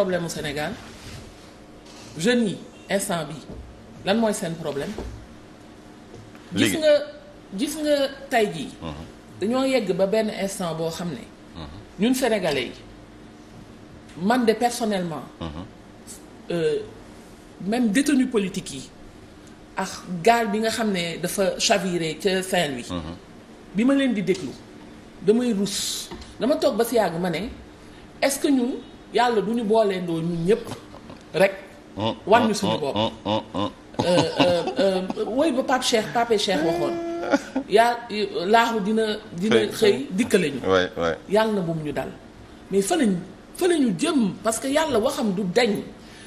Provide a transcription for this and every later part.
problème mu Sénégal jeunes yi instant bi lan mooy seen problème. gis nga gis nga tey jii. Mhm. dañoo yegg ba benn instant boo xam ne. Mhm. ñun sénégalais yi man de personnellement. Mhm. Euh, même détenu politique yi ak gaal bi nga xam ne dafa chaviré ca Saint-Louis. bi ma leen di déglu damay rus dama toog ba si yàgg ma ne est ñun. yàlla du ñu boolee ndoo ñun ñëpp rek. wan suñu bopp. Euh, euh, euh, woy ba Pape Cheikh Pape Cheikh waxoon yaa laaxu dina. dina xëy dikkale ñu. yàlla na bu mu ñu dal mais fa lañ fa ñu jëm parce que yàlla waxam du dañ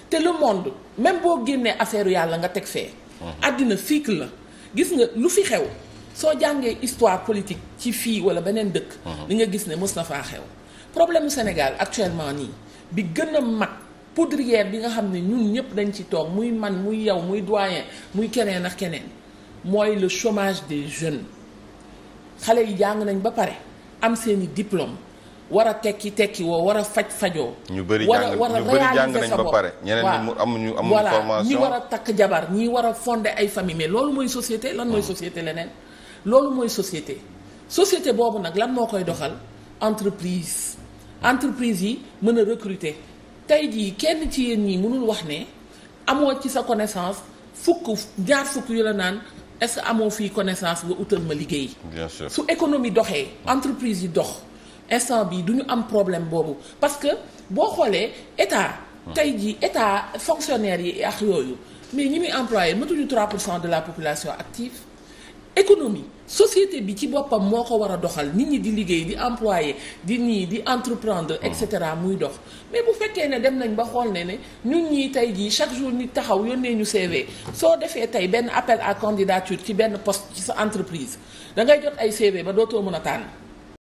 te le monde même boo génnee affaire yàlla nga teg fee. Mm-hmm. àddina cycle la gis nga lu fi xew. soo jàngee histoire politique ci fii walla beneen dëkk. li mm-hmm. nga gis ne mës xew. problème mu Sénégal actuellement nii. bi gën a mag poudrière bi nga xam ne ñun ñëpp dañ ci toog muy man muy yow muy doyen muy keneen ak keneen mooy le chomage des jeunes xale yi jàng nañ ba pare am seeni diplôme war a tekki tekki woo war a faj fajoo. ñu bëri jàng war a réaliser sa bopp ba pare ñeneen ñi mu amuñu amuñu formation ñi war a takk jabar ñi war a fonde ay famille loolu mooy société lan mooy hmm. société leneen loolu mooy société société boobu nag lan moo koy doxal entreprise. entreprise yi mën a recruter tey jii kenn ci yéen ñi mënul wax ne amoo ci sa connaissance fukk jaar fukk yu la naan est-ce que amoo fii connaissance nga utal ma liggéey. bien sûr su économie doxee entreprise yi dox instant bi du ñu am problème boobu parce que boo xoolee état. Hmm. tey jii état fonctionnaire yi ak yooyu mais ñi muy employé matuñu 3 pour cent de la population active. économie société bi ci boppam moo ko war a doxal nit ñi di liggéey di employé di nii di entreprendre et cetera ah. muy dox mais bu fekkee ne dem nañ ba xool ne ne ñun ñii tey jii chaque jour nit taxaw yónnee ñu CV soo defee tey benn appel à candidature ci benn poste ci sa entreprise da ngay jot ay CV ba dootoo mën a tànn